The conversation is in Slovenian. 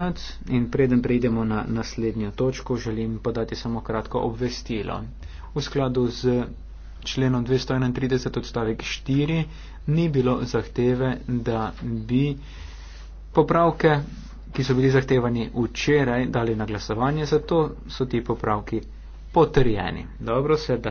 konec in preden prejdemo na naslednjo točko, želim podati samo kratko obvestilo. V skladu z členom 231 odstavek 4 ni bilo zahteve, da bi popravke, ki so bili zahtevani včeraj, dali na glasovanje, zato so ti popravki potrjeni. Dobro, sedaj.